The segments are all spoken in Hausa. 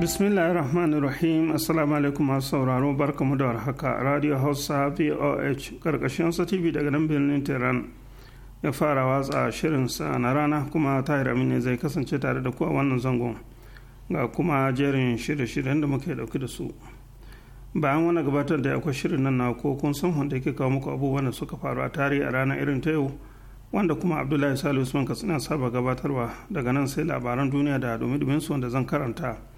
bismillahirrahmanirrahim assalamu alaikum masu sauraro barkamu da warhaka radio hausa voh karkashin sa tv daga nan birnin tehran ya fara watsa sa na rana kuma tahir ne zai kasance tare da ku a wannan zangon ga kuma jerin shirye-shiryen da muke dauki da su bayan wani gabatar da akwai shirin nan na ko kun san wanda yake kawo muku abubuwan da suka faru a tarihi a ranar irin ta yau wanda kuma abdullahi salisu usman katsina saba gabatarwa daga nan sai labaran duniya da dumi su wanda zan karanta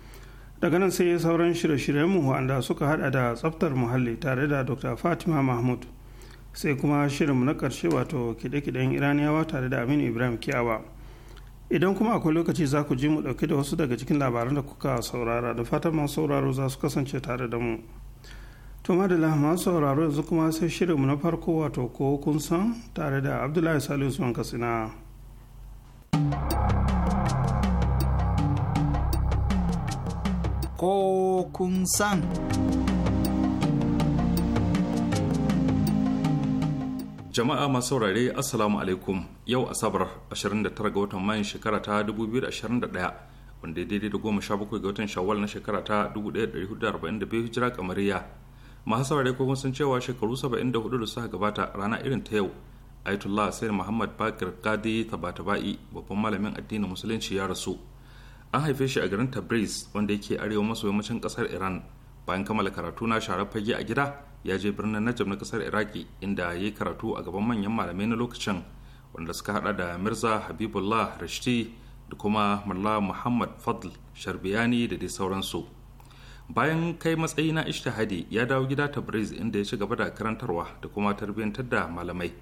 daga nan sai sauran shirye-shiryenmu wanda suka hada da tsaftar muhalli tare da dr fatima mahmud sai kuma shirinmu na karshe wato kide-kiden iraniyawa tare da aminu ibrahim kiyawa idan kuma akwai lokaci za ku ji mu ɗauki da wasu daga cikin labaran da kuka saurara da fatan masu sauraro za su kasance tare da mu to da masu sauraro yanzu kuma sai shirinmu na farko wato ko kun san tare da abdullahi salisu wanka katsina ko kun san. Jama'a masu saurare Assalamu alaikum yau Asabar 29 ga watan Mayun shekara ta 2021 wanda daidai da goma sha bakwai ga watan Shawwal na shekara ta 1442 hijira kamariya. Masu saurare kuma sun cewa shekaru 74 da suka gabata rana irin ta yau Ayatollah Sayyid Muhammad Bakir Qadi Tabatabai babban malamin addinin musulunci ya rasu. an haife shi a garin tabriz wanda yake arewa maso yammacin kasar iran bayan kammala karatu na sharar fage a gida ya je birnin najab na kasar iraki inda ya yi karatu a gaban manyan malamai na lokacin wanda suka hada da mirza habibullah rashti da kuma mullah muhammad fadl sharbiyani da dai sauransu bayan kai matsayi na ishtihadi ya dawo gida tabriz inda ya ci gaba da karantarwa da kuma tarbiyyantar da malamai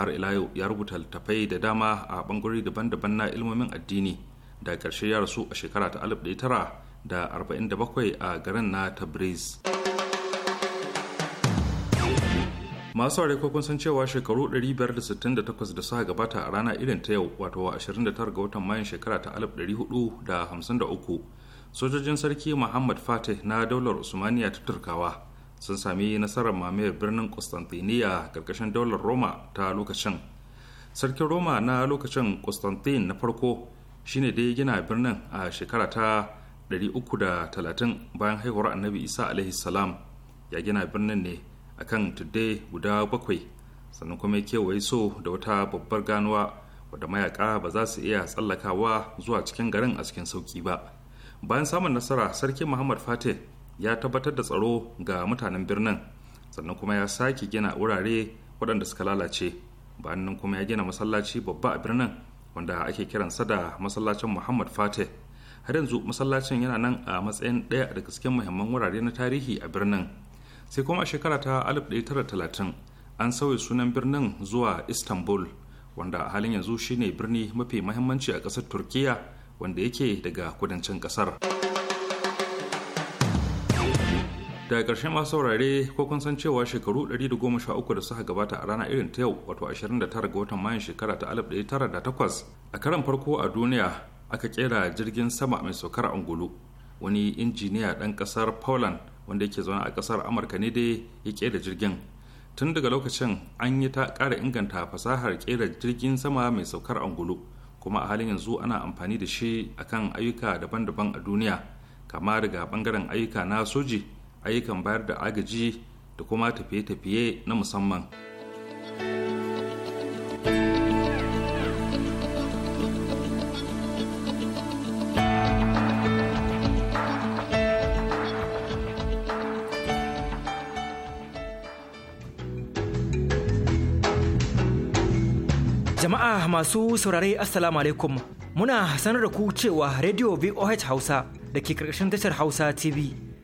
har ila yau ya rubuta littafai da dama a bangare daban-daban na ilmomin addini da ƙarshe ya rasu a shekara ta 1947 a garin na tabriz masu ware kun san cewa shekaru 568 da suka gabata a rana irin ta yau wato 29 ga watan mayan shekara ta 1453 sojojin sarki muhammad fatih na daular usmaniya ta turkawa sun sami nasarar mamayar birnin constantiniya karkashin daular roma ta lokacin sarkin roma na lokacin constantine na farko shine dai gina birnin a shekara ta 330 bayan haihuwar annabi isa alaihi salam ya gina birnin ne akan tuddai guda bakwai sannan kuma ya kewaye so da wata babbar ganuwa wadda mayaka ba za su iya tsallakawa zuwa cikin garin a cikin sauki ba bayan samun nasara sarki muhammad fatih ya tabbatar da tsaro ga mutanen birnin sannan kuma ya sake gina wurare waɗanda suka lalace bayan kuma ya gina masallaci babba a birnin wanda ake kiran sa da masallacin muhammad fatih har yanzu masallacin yana nan a matsayin ɗaya daga cikin muhimman wurare na tarihi a birnin sai kuma a shekara ta 1930 an sauya sunan birnin zuwa istanbul wanda a halin yanzu shine birni mafi muhimmanci a ƙasar turkiya wanda yake daga kudancin ƙasar. da ƙarshe masu saurare ko kun san cewa shekaru 113 da suka gabata a rana irin ta yau wato 29 ga watan mayan shekara ta 1908 a karan farko a duniya aka kera jirgin sama mai saukar angulu wani injiniya ɗan ƙasar poland wanda yake zaune a ƙasar amurka ne dai ya kera jirgin tun daga lokacin an yi ta ƙara inganta fasahar kera jirgin sama mai saukar angulu kuma a halin yanzu ana amfani da shi akan ayyuka daban-daban a duniya kama daga bangaren ayyuka na soji ayyukan bayar da agaji da kuma tafiye-tafiye na musamman jama'a masu saurare assalamu alaikum muna sanar da ku cewa radio voh hausa da ke karkashin tashar hausa tv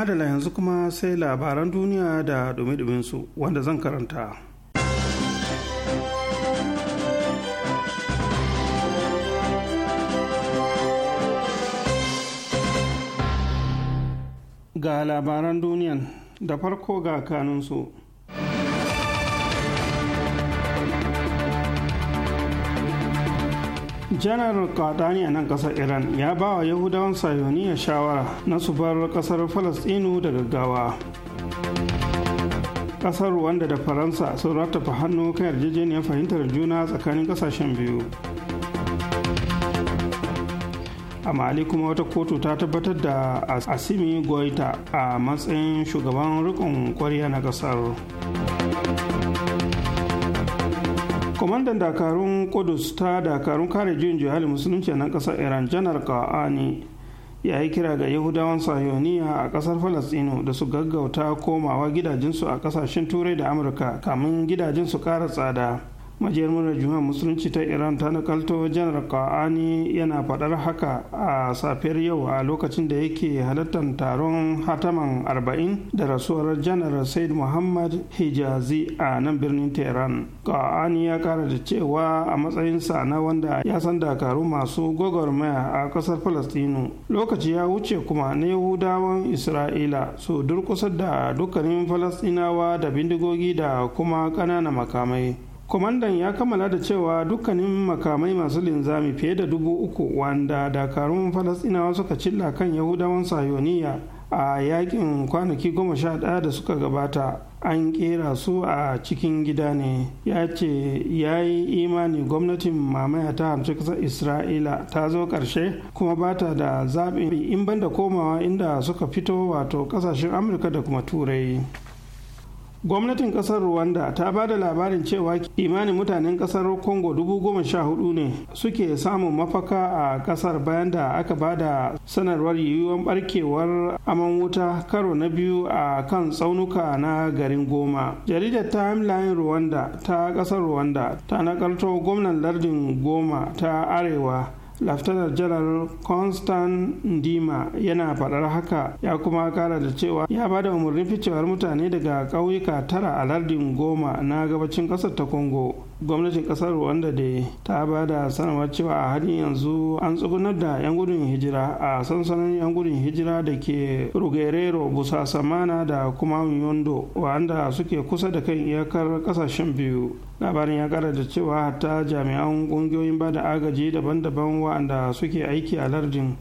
madala yanzu kuma sai labaran duniya da dumi su wanda zan karanta ga labaran duniyan da farko ga kanunsu janar kadani a nan kasar iran ya ba wa yahudawan sayoniya shawara na su bar kasar falastinu da gaggawa kasar wanda da faransa sun rattafa hannu kan yarjejeniyar fahimtar juna tsakanin kasashen biyu a mali kuma wata kotu ta tabbatar da asimi goita a matsayin shugaban rikon kwariya na kasar kwamandan dakarun kudus ta dakarun kare juyin juhali musulunci na kasar iran janar ka'ani ya yi kira ga yahudawan sayoniya a kasar falastinu da su gaggauta komawa gidajensu a kasashen turai da amurka kamun gidajensu su kara tsada majiyar murar musulunci ta iran ta nakalto janar ka'ani yana faɗar haka a safiyar yau a lokacin da yake halartar taron hataman arba'in da rasuwar janar said muhammad hijazi a nan birnin tehran ka'ani ya kara da cewa a matsayinsa na wanda ya san dakaru masu gwagwarmaya a kasar palestinu lokaci ya wuce kuma na yahudawan isra'ila su durkusar da dukkanin falastinawa da bindigogi da kuma ƙananan makamai kwamandan ya kammala da cewa dukkanin makamai masu linzami fiye da dubu uku wanda dakarun falasɗinawa suka cilla kan yahudawan sayoniya a yakin kwanaki goma sha ɗaya da suka gabata an kera su a cikin gida ne ya ce ya yi imani gwamnatin mamaya ta hamsi kasar isra'ila ta zo ƙarshe kuma ba ta da zaɓin in banda komawa inda suka fito wato ƙasashen amurka da kuma turai gwamnatin kasar rwanda ta ba da labarin cewa kimanin mutanen kasar congo dubu goma sha hudu ne suke samun mafaka a kasar bayan da aka ba da sanarwar yiwuwar barkewar aman wuta karo na biyu a kan tsaunuka na garin goma jaridar timeline rwanda ta kasar rwanda ta nakalto gwamnan lardin goma ta arewa laftanar janar constant ndima yana faɗar haka ya kuma kara da cewa ya ba da umarnin ficewar mutane daga ƙauyuka tara a lardin goma na gabacin ƙasar ta congo gwamnatin kasar rwanda da ta ba da sanarwar cewa a halin yanzu an tsugunar da 'yan gudun hijira a sansanin 'yan gudun hijira da ke rugerero busa samana da kuma yondo wanda suke kusa da kan iyakar kasashen biyu labarin ya kara da cewa hatta jami'an kungiyoyin ba da agaji daban-daban wa'anda suke aiki a lardin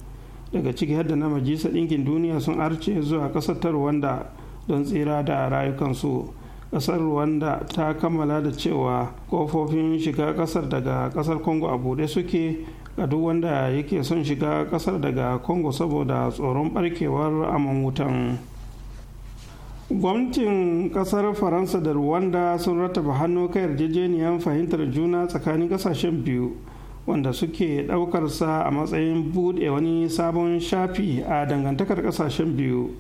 daga ciki har da na majisa ɗinkin duniya sun arce zuwa ƙasar ta rwanda don tsira da rayukansu kasar rwanda ta kammala da cewa kofofin shiga kasar daga kasar congo a bude suke ga duk wanda yake son shiga kasar daga congo saboda tsoron barkewar aman wutan gwamnatin kasar faransa da rwanda sun rataba hannu kai yarjejeniyar fahimtar juna tsakanin kasashen biyu wanda suke ɗaukarsa a matsayin buɗe wani sabon shafi a dangantakar kasashen biyu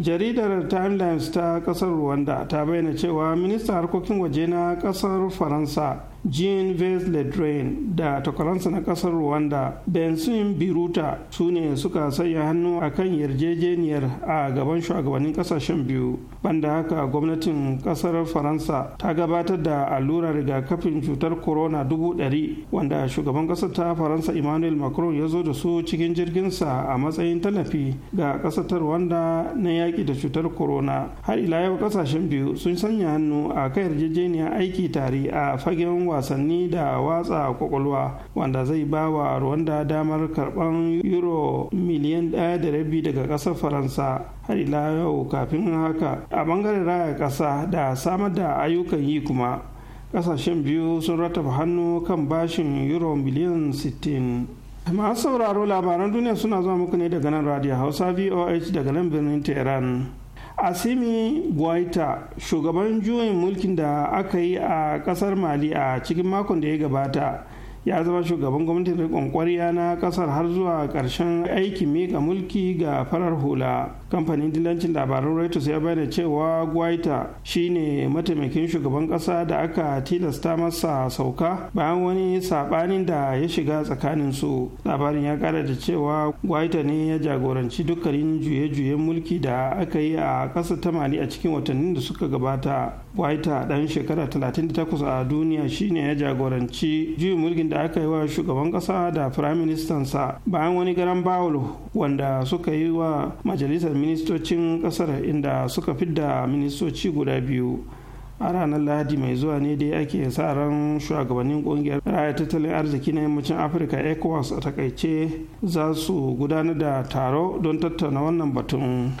jaridar timelines ta kasar rwanda ta bayyana cewa ministan harkokin waje na kasar faransa jean ves ledrain da takwaransa na kasar rwanda bensin biruta su ne suka sanya hannu a kan yarjejeniyar a gaban shugabannin kasashen biyu banda haka gwamnatin kasar faransa ta gabatar da allurar rigakafin cutar corona dubu dari. wanda shugaban kasar ta faransa emmanuel macron ya zo da su cikin jirginsa a matsayin tallafi ga kasar ta rwanda na yaƙi da cutar corona har ila yau kasashen biyu sun sanya hannu a kan yarjejeniyar aiki tare a fagen wasanni da watsa kwakwalwa wanda zai ba wa rwanda damar karban euro miliyan ɗaya da rabi daga ƙasar faransa har ila yau kafin haka a bangaren raya kasa da samar da ayyukan yi kuma ƙasashen biyu sun rattaba hannu kan bashin euro miliyan 60 masu sauraro labaran duniya suna zuwa muku ne daga nan radio hausa voh daga nan birnin tehran asimi guaita shugaban juyin mulkin da aka yi a kasar mali a cikin makon da ya gabata ya zama shugaban gwamnatin riƙon ƙwarya na kasar har zuwa ƙarshen aikin mika mulki ga farar hula kamfanin dilancin labarun reuters ya bayyana cewa guaita shine mataimakin shugaban kasa da aka tilasta masa sauka bayan wani sabanin da ya shiga tsakanin su labarin ya kara da cewa guaita ne ya jagoranci dukkanin juye-juyen mulki da aka yi a kasa ta mali a cikin watannin da suka gabata guaita dan shekara 38 a duniya shine ya jagoranci juyin mulkin da aka yi wa shugaban kasa da firaministansa bayan wani garan bawul wanda suka yi wa majalisar ministocin kasar inda suka fidda ministoci guda biyu a ranar lahadi mai zuwa ne dai ake sa ran shugabannin kungiyar raya tattalin arziki na yammacin afirka ecowas a takaice za su gudanar da taro don tattauna wannan batun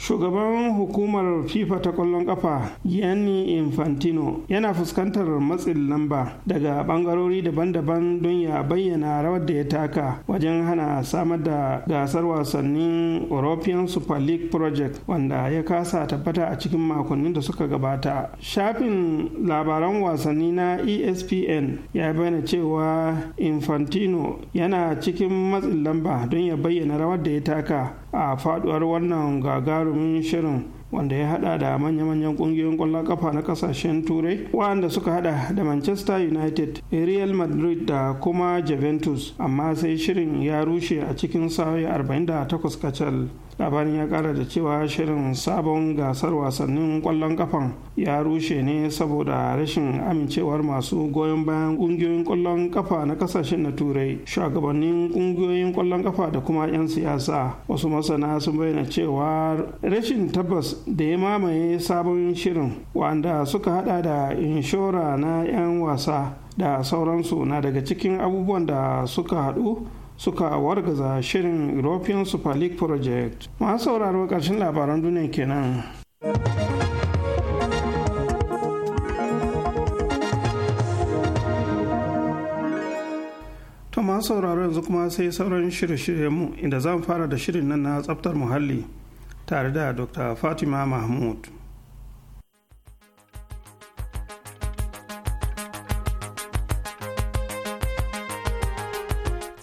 shugaban hukumar fifa ta kwallon kafa gianni infantino yana fuskantar matsin lamba daga bangarori daban-daban don ya bayyana rawar da ya taka wajen hana samar da gasar wasannin european super league project wanda ya kasa tabbata a cikin makonnin da suka gabata shafin labaran wasanni na espn ya bayyana cewa infantino yana cikin matsin lamba don ya bayyana rawar da ya taka a faduwar wannan gagarumin shirin wanda ya hada da manya-manyan kungiyoyin kwallon kafa na kasashen turai waɗanda suka hada da manchester united real madrid da kuma juventus amma sai shirin ya rushe a cikin sa'o'i 48 kacal labarin ya kara da cewa shirin sabon gasar wasannin kwallon kafan ya rushe ne saboda rashin amincewar masu goyon bayan kungiyoyin kwallon kafa na kasashen na turai shugabannin kungiyoyin kwallon kafa da kuma 'yan siyasa wasu masana sun bayyana cewa rashin tabbas da ya mamaye sabon shirin wanda suka hada da inshora na 'yan wasa da sauransu na daga cikin abubuwan da suka haɗu suka wargaza shirin european super league project masu sauraro ƙarshen labaran duniya kenan to masu sauraro yanzu kuma sai sauran shirye-shiryenmu inda zan fara da shirin nan na tsaftar muhalli tare da dr fatima mahmud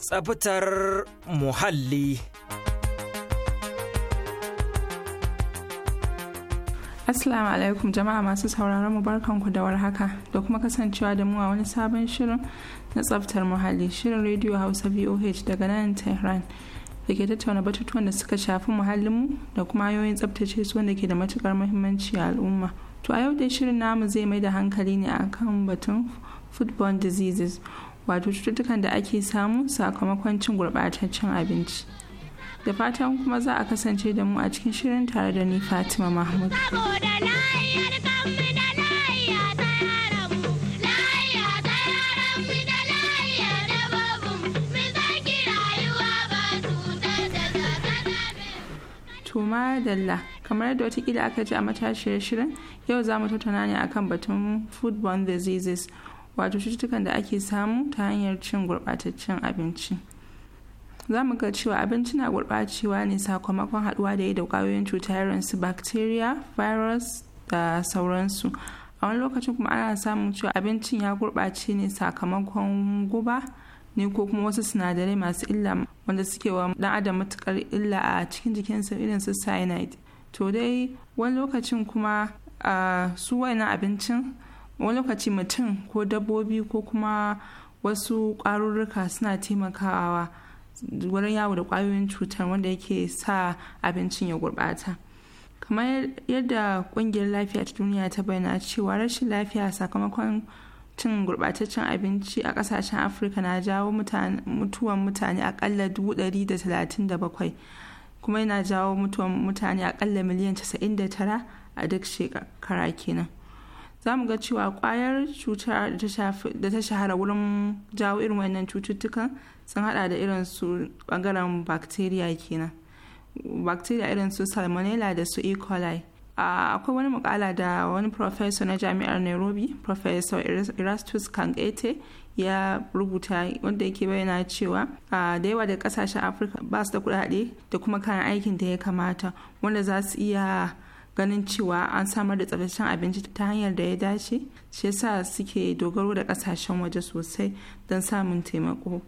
tsabtar muhalli. Assalamu alaikum jama'a masu sauraron mu ku da warhaka da kuma kasancewa da mu a wani sabon shirin na tsabtar muhalli shirin rediyo Hausa VOH daga nan Tehran da ke tattauna batutuwan da suka shafi muhallinmu da kuma hanyoyin tsabtace su wanda ke da matukar muhimmanci a al'umma. To a yau dai shirin namu zai mai da hankali ne akan batun foodborne diseases wato cututtukan da ake samu sakamakon cin gurɓataccen abinci da fatan kuma za a kasance da mu a cikin shirin tare da ni fatima mahmud tuma dalla kamar yadda watakila aka ji a matashiyar shirin yau za mu tattauna ne akan batun foodborne diseases wato cututtukan da ake samu ta hanyar cin gurbataccen abinci za mu ga cewa abinci na gurɓacewa ne sakamakon haɗuwa da yi da ƙwayoyin cuta irin su bacteria virus da sauransu a wani lokacin kuma ana samun cewa abincin ya gurɓace ne sakamakon guba ne ko kuma wasu sinadarai masu illa wanda suke wa dan adam matukar illa a cikin jikinsa irin su cyanide to dai wani lokacin kuma ah, su abincin wani lokaci mutum ko dabbobi ko kuma wasu ƙwarurruka suna taimakawa wurin yawo da ƙwayoyin cutar wanda yake sa abincin ya gurɓata kamar yadda ƙungiyar lafiya ta duniya ta bayyana cewa rashin lafiya sakamakon cin gurɓataccen abinci a ƙasashen afirka na jawo mutuwan mutane aƙalla 137 kuma yana jawo mutuwan mutane aƙalla miliyan 99 a duk shekara kenan za mu ga cewa kwayar cutar da ta shahara wurin jawo irin wannan cututtukan sun hada da irin su bangaren bacteria kenan bacteria irin su salmonella da su e. coli akwai wani makala da wani professor na jami'ar nairobi professor erastus kangete ya rubuta wanda yake bayyana cewa da yawa da kasashen afirka ba su da kudade da kuma kayan aikin da ya kamata wanda za su iya ganin cewa an samar da tsabashin abinci ta hanyar da ya dace shi yasa suke dogaro da kasashen waje sosai don samun taimako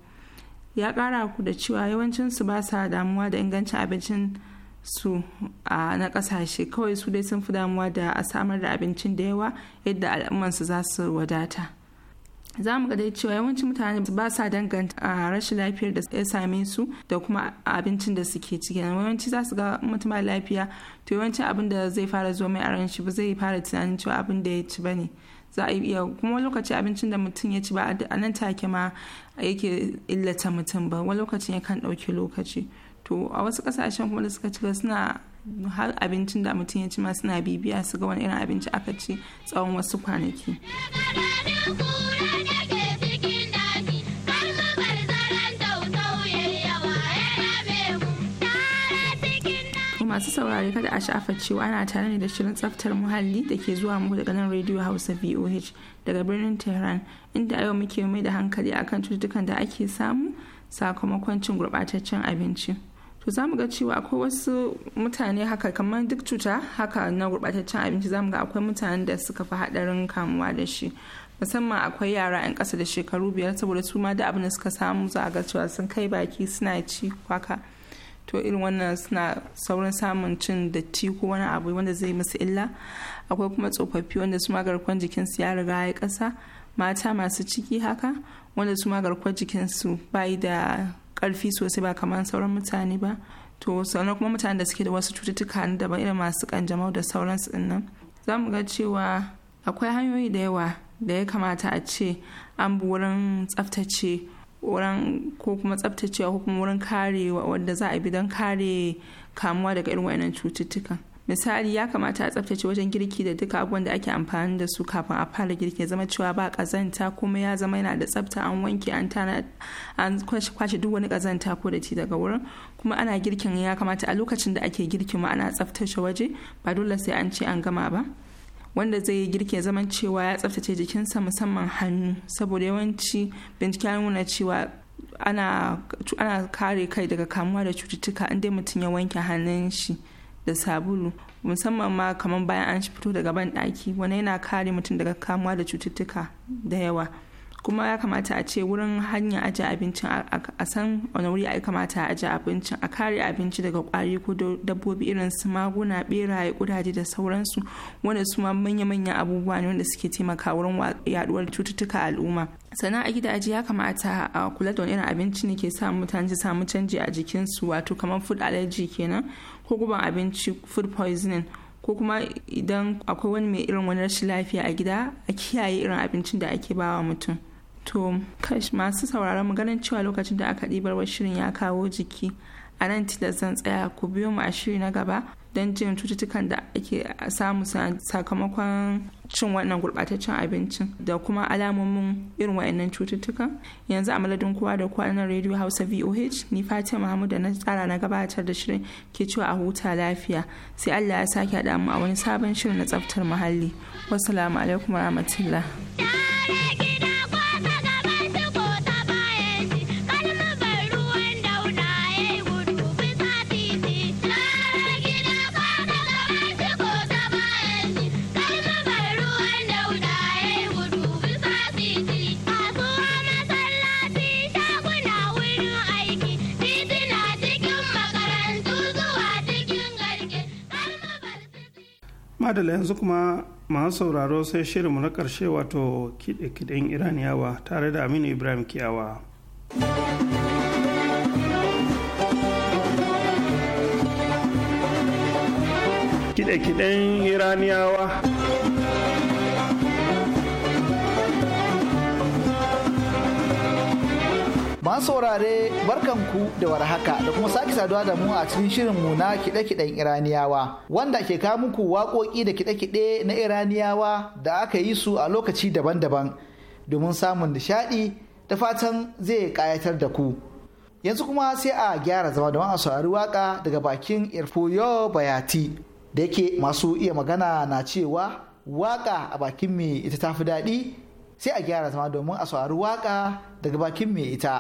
ya kara ku da cewa yawancinsu ba sa damuwa da ingancin abincin su na kasashe kawai su dai sun fi damuwa da a samar da abincin da yawa yadda al'ummansu za su wadata za mu ga dai cewa yawancin mutane ba sa danganta a rashin lafiyar da ya same su da kuma abincin da suke ciki yawanci za su ga mutum lafiya to yawancin abin da zai fara zo mai aran shi ba zai fara tunanin cewa abin da ya ci ba ne za a iya kuma lokaci abincin da mutum ya ci ba a nan take ma yake illata mutum ba wani lokacin ya kan ɗauki lokaci to a wasu kasashen kuma da suka ci suna har abincin da mutum ya ci ma suna bibiya su ga wani irin abinci aka ci tsawon wasu kwanaki. masu saurari kada a shafa cewa ana tare ne da shirin tsaftar muhalli da ke zuwa muku daga nan radio hausa voh daga birnin tehran inda a yau muke mai da hankali akan cututtukan da ake samu sakamakon cin gurɓataccen abinci to zamu ga cewa akwai wasu mutane haka kamar duk cuta haka na gurbataccen abinci zamu ga akwai mutanen da suka fi haɗarin kamuwa da shi musamman akwai yara 'yan kasa da shekaru biyar saboda su ma da abin da suka samu za a ga cewa sun kai baki suna ci kwaka to irin wannan suna saurin samun cin datti ko wani abu wanda zai musu illa akwai kuma tsofaffi wanda su ma garkuwar jikinsu ya riga ya kasa mata masu ciki haka wanda su ma garkuwar jikinsu bayi da karfi sosai ba kamar sauran mutane ba to sannan kuma mutane da suke da wasu cututtuka na daban irin masu kanjamau da sauransu nan za mu ga cewa akwai hanyoyi da yawa da ya kamata a ce an bi wurin tsaftace wurin ko kuma tsabtacewa ko kuma wurin kare wadda za a bi don kare kamuwa daga irin wayannan cututtuka misali ya kamata a tsabtace wajen girki da duka abubuwan da ake amfani da su kafin a fara girki zama cewa ba kazanta kuma ya zama yana da tsabta an wanke an tana an kwashe duk wani kazanta ko da daga wurin kuma ana girkin ya kamata a lokacin da ake girki ma ana tsabtace waje ba dole sai an ce an gama ba wanda zai yi girki zaman cewa ya tsaftace jikinsa musamman hannu saboda yawanci bincike ya nuna cewa ana, kare kai daga kamuwa da cututtuka inda mutum ya wanke hannun shi da sabulu musamman ma kamar bayan an fito daga ban ɗaki wani yana kare mutum daga kamuwa da cututtuka da yawa kuma ya kamata a ce wurin hanya aje abincin a san wani wuri ya kamata a aje abincin a kare abinci daga kwari ko dabbobi irin su maguna beraye kudaje da sauransu wanda su ma manya-manyan abubuwa ne wanda suke taimaka wurin yaduwar cututtuka al'umma sannan a gidaje ya kamata a kula da wani irin abinci ne ke sa mutane su samu canji a jikinsu wato kamar food allergy kenan ko guban abinci food poisoning ko kuma idan akwai wani mai irin wani rashin lafiya a gida a kiyaye irin abincin da ake bawa mutum to masu sauraron mu cewa lokacin da aka ɗibar wa shirin ya kawo jiki a nan tilas zan tsaya ku biyo mu a shiri na gaba don jin cututtukan da ake samu sakamakon cin wannan gurɓataccen abincin da kuma alamomin irin wa'annan cututtukan yanzu a madadin kowa da kowa na radio hausa voh ni fatima mahmud da na tsara na gabatar da shirin ke cewa a huta lafiya sai allah ya sake haɗa mu a wani sabon shirin na tsaftar muhalli wasu alaikum warahmatullah madala yanzu kuma masu sauraro sai shirinmu na karshe wato kiɗe-kiɗen iraniyawa tare da aminu ibrahim kiyawa kiɗe-kiɗen iraniyawa saurare barkanku da warhaka da kuma sake saduwa da mu a cikin shirin mu na kiɗe-kiɗen Iraniyawa wanda ke kawo muku waƙoƙi da kiɗe-kiɗe na Iraniyawa da aka yi su a lokaci daban-daban domin samun nishaɗi da fatan zai ƙayatar da ku. Yanzu kuma sai a gyara zama da a saurari waƙa daga bakin Irfoyo Bayati da yake masu iya magana na cewa waƙa a bakin mai ita tafi daɗi sai a gyara zama domin a saurari waka daga bakin mai ita.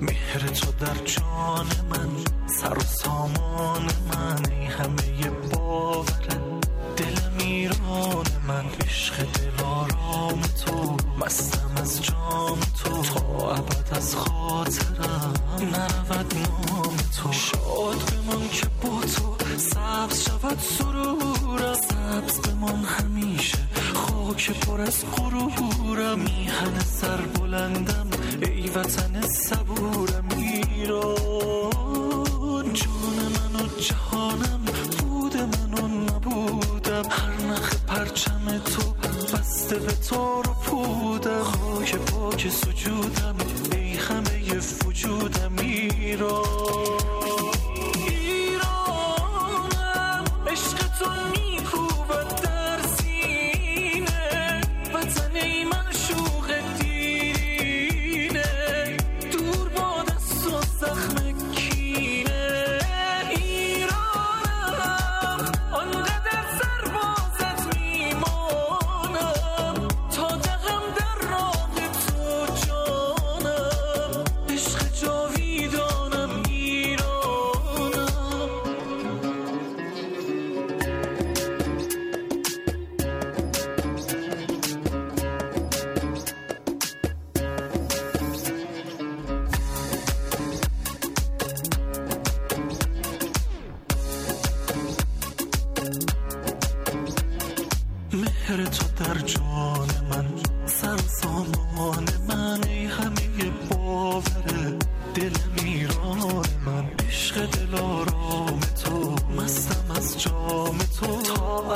مهر تو در جان من سر سامان من ای همه باور دل میران من عشق دلارام تو مستم از جام تو پر از غرورم میهن سر بلندم ای وطن سب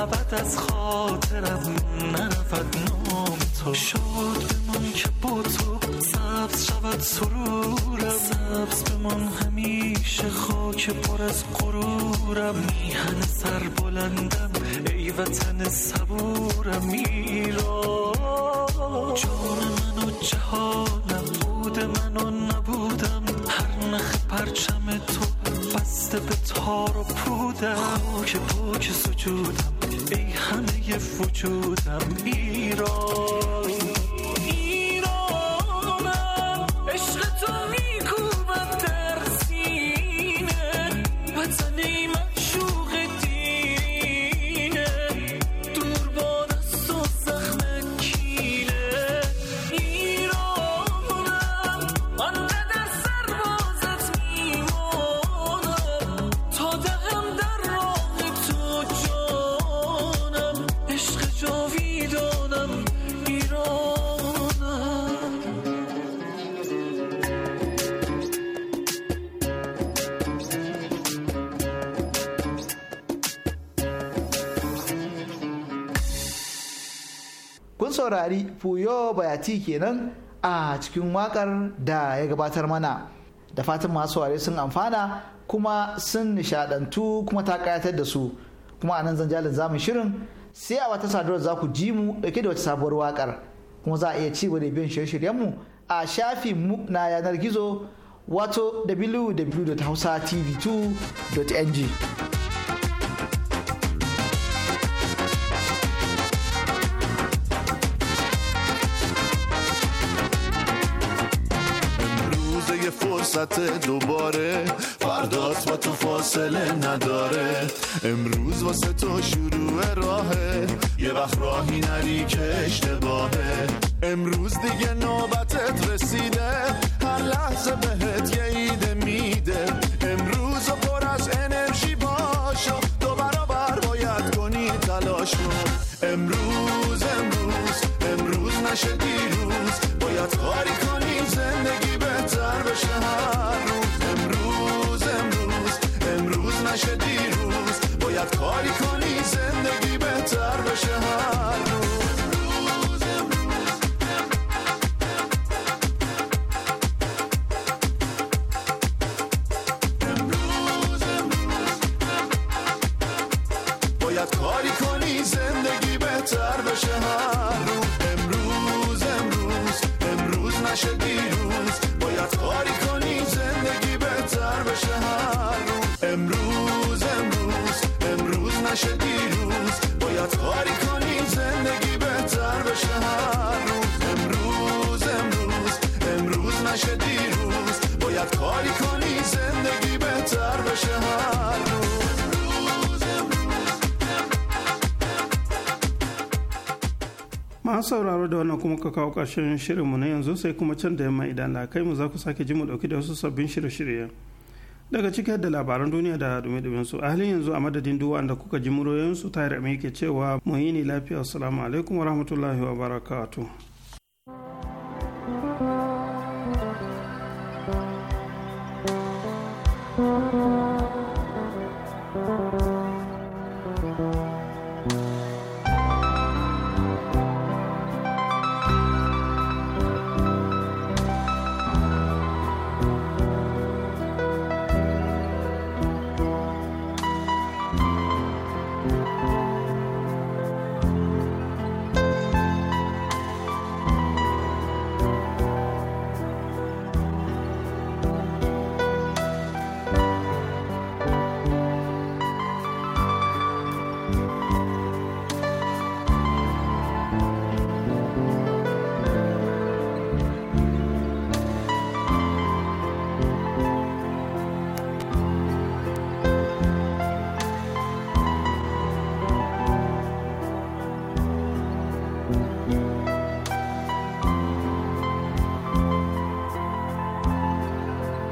ابد از خاطرم نرفت نام تو شاد بمان که با تو سبز شود سرورم سبز بمان همیشه خاک پر از قرورم میهن سر بلندم ای وطن صبورم ایران saurari fuyo bayati kenan a cikin wakar da ya gabatar mana da fatan masu saurari sun amfana kuma sun nishadantu kuma ta kayatar da su kuma a nan jalin zamun shirin sai a wata sadarwar za ku ji mu dauke da wata sabuwar wakar kuma za a iya ci da biyan shirye shiryen mu a shafin mu na yanar gizo wato www.hausatv2.ng فرصت دوباره فردات با تو فاصله نداره امروز واسه تو شروع راهه یه وقت راهی نری که اشتباهه امروز دیگه نوبتت رسیده هر لحظه بهت یه ایده میده امروز و پر از انرژی باشو دو برابر باید کنی تلاشو امروز امروز امروز نشه دیر Everybody sauraro da wannan kuma ka kawo ƙarshen shirinmu na yanzu sai kuma can da yamma idan da kai mu za ku sake ji mu ɗauki da wasu sabbin shirye-shirye daga cikin da labaran duniya da dumi-dumin su halin yanzu a madadin duwa da kuka ji muroyin su tare mai ke cewa mu yi ni lafiya assalamu alaikum wa rahmatullahi wa barakatu.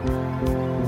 Thank you.